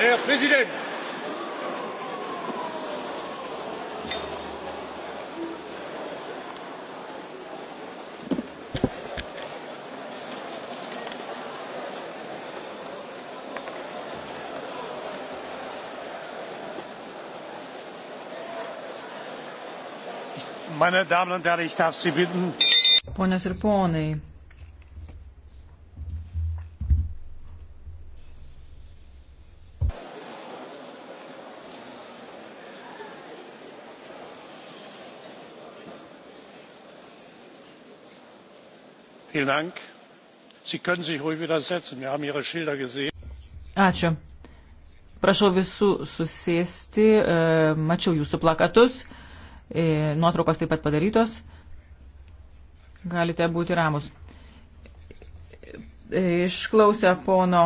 Herr Präsident! Meine Damen und Herren, ich darf Sie bitten. Ponios ir ponai, Vielen Dank. Sie können sich ruhig wieder setzen. Wir haben Ihre Schilder gesehen. Ačiū. Prašau visų susėsti. E, mačiau jūsų plakatus. E, nuotraukos taip pat padarytos. Galite būti ramus. E, išklausę pono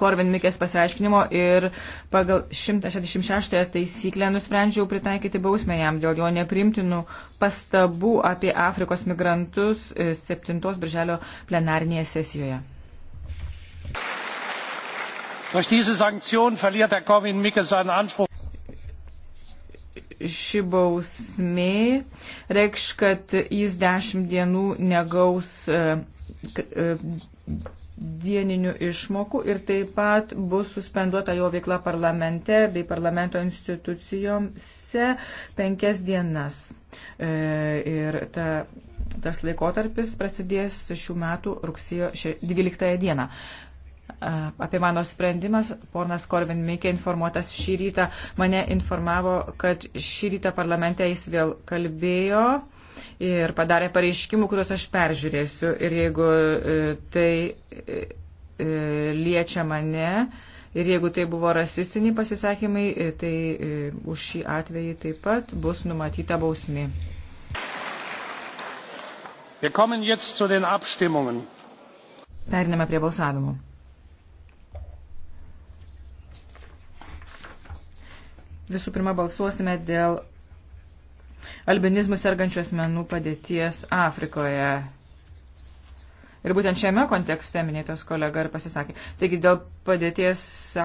Korvin Mikės pasiaiškinimo ir pagal 166 taisyklę nusprendžiau pritaikyti bausmę jam dėl jo neprimtinų pastabų apie Afrikos migrantus 7 e, birželio plenarnėje sesijoje. Durch diese Sanktion verliert Herr Korwin Mikke seinen Anspruch ši bausmė reikš, kad jis dešimt dienų negaus e, e, dieninių išmokų ir taip pat bus suspenduota jo veikla parlamente bei parlamento institucijomse penkias dienas. E, ir ta, tas laikotarpis prasidės šių metų rugsėjo 12 dieną. Apie mano sprendimas, ponas Korvin Mikė informuotas šį rytą, mane informavo, kad šį rytą parlamente jis vėl kalbėjo ir padarė pareiškimų, kuriuos aš peržiūrėsiu. Ir jeigu e, tai e, e, liečia mane ir jeigu tai buvo rasistiniai pasisakymai, tai už šį atvejį taip pat bus numatyta bausmi. Periname prie balsavimų. Visų pirma, balsuosime dėl albinizmų sergančių asmenų padėties Afrikoje. Ir būtent šiame kontekste minėtos kolega ir pasisakė. Taigi dėl padėties